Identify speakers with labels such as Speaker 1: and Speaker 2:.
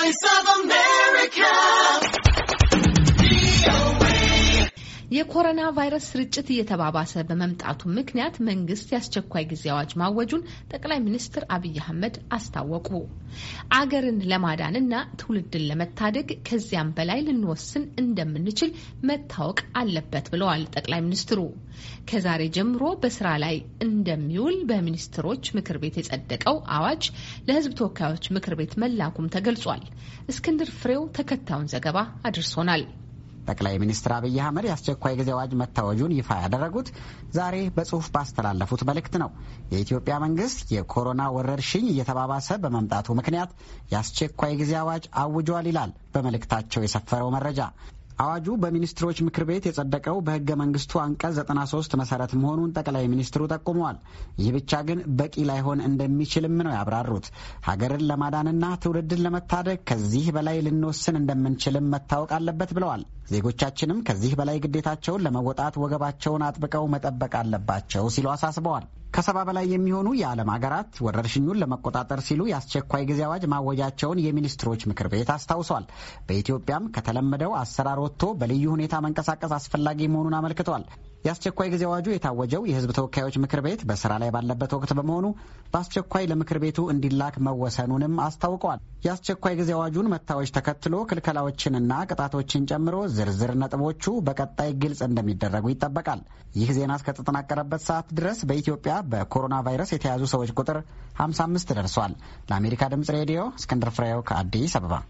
Speaker 1: Voice of America
Speaker 2: የኮሮና ቫይረስ ስርጭት እየተባባሰ በመምጣቱ ምክንያት መንግስት የአስቸኳይ ጊዜ አዋጅ ማወጁን ጠቅላይ ሚኒስትር አብይ አህመድ አስታወቁ። አገርን ለማዳንና ትውልድን ለመታደግ ከዚያም በላይ ልንወስን እንደምንችል መታወቅ አለበት ብለዋል ጠቅላይ ሚኒስትሩ። ከዛሬ ጀምሮ በስራ ላይ እንደሚውል በሚኒስትሮች ምክር ቤት የጸደቀው አዋጅ ለህዝብ ተወካዮች ምክር ቤት መላኩም
Speaker 1: ተገልጿል። እስክንድር ፍሬው
Speaker 2: ተከታዩን ዘገባ አድርሶናል።
Speaker 1: ጠቅላይ ሚኒስትር አብይ አህመድ የአስቸኳይ ጊዜ አዋጅ መታወጁን ይፋ ያደረጉት ዛሬ በጽሁፍ ባስተላለፉት መልእክት ነው። የኢትዮጵያ መንግስት የኮሮና ወረርሽኝ እየተባባሰ በመምጣቱ ምክንያት የአስቸኳይ ጊዜ አዋጅ አውጇል ይላል በመልእክታቸው የሰፈረው መረጃ። አዋጁ በሚኒስትሮች ምክር ቤት የጸደቀው በህገ መንግስቱ አንቀጽ 93 መሰረት መሆኑን ጠቅላይ ሚኒስትሩ ጠቁመዋል። ይህ ብቻ ግን በቂ ላይሆን እንደሚችልም ነው ያብራሩት። ሀገርን ለማዳንና ትውልድን ለመታደግ ከዚህ በላይ ልንወስን እንደምንችልም መታወቅ አለበት ብለዋል። ዜጎቻችንም ከዚህ በላይ ግዴታቸውን ለመወጣት ወገባቸውን አጥብቀው መጠበቅ አለባቸው ሲሉ አሳስበዋል። ከሰባ በላይ የሚሆኑ የዓለም ሀገራት ወረርሽኙን ለመቆጣጠር ሲሉ የአስቸኳይ ጊዜ አዋጅ ማወጃቸውን የሚኒስትሮች ምክር ቤት አስታውሷል። በኢትዮጵያም ከተለመደው አሰራር ወጥቶ በልዩ ሁኔታ መንቀሳቀስ አስፈላጊ መሆኑን አመልክቷል። የአስቸኳይ ጊዜ አዋጁ የታወጀው የህዝብ ተወካዮች ምክር ቤት በስራ ላይ ባለበት ወቅት በመሆኑ በአስቸኳይ ለምክር ቤቱ እንዲላክ መወሰኑንም አስታውቋል። የአስቸኳይ ጊዜ አዋጁን መታወጅ ተከትሎ ክልከላዎችንና ቅጣቶችን ጨምሮ ዝርዝር ነጥቦቹ በቀጣይ ግልጽ እንደሚደረጉ ይጠበቃል። ይህ ዜና እስከተጠናቀረበት ሰዓት ድረስ በኢትዮጵያ በኮሮና ቫይረስ የተያዙ ሰዎች ቁጥር 55 ደርሷል። ለአሜሪካ ድምጽ ሬዲዮ እስክንድር ፍሬው ከአዲስ አበባ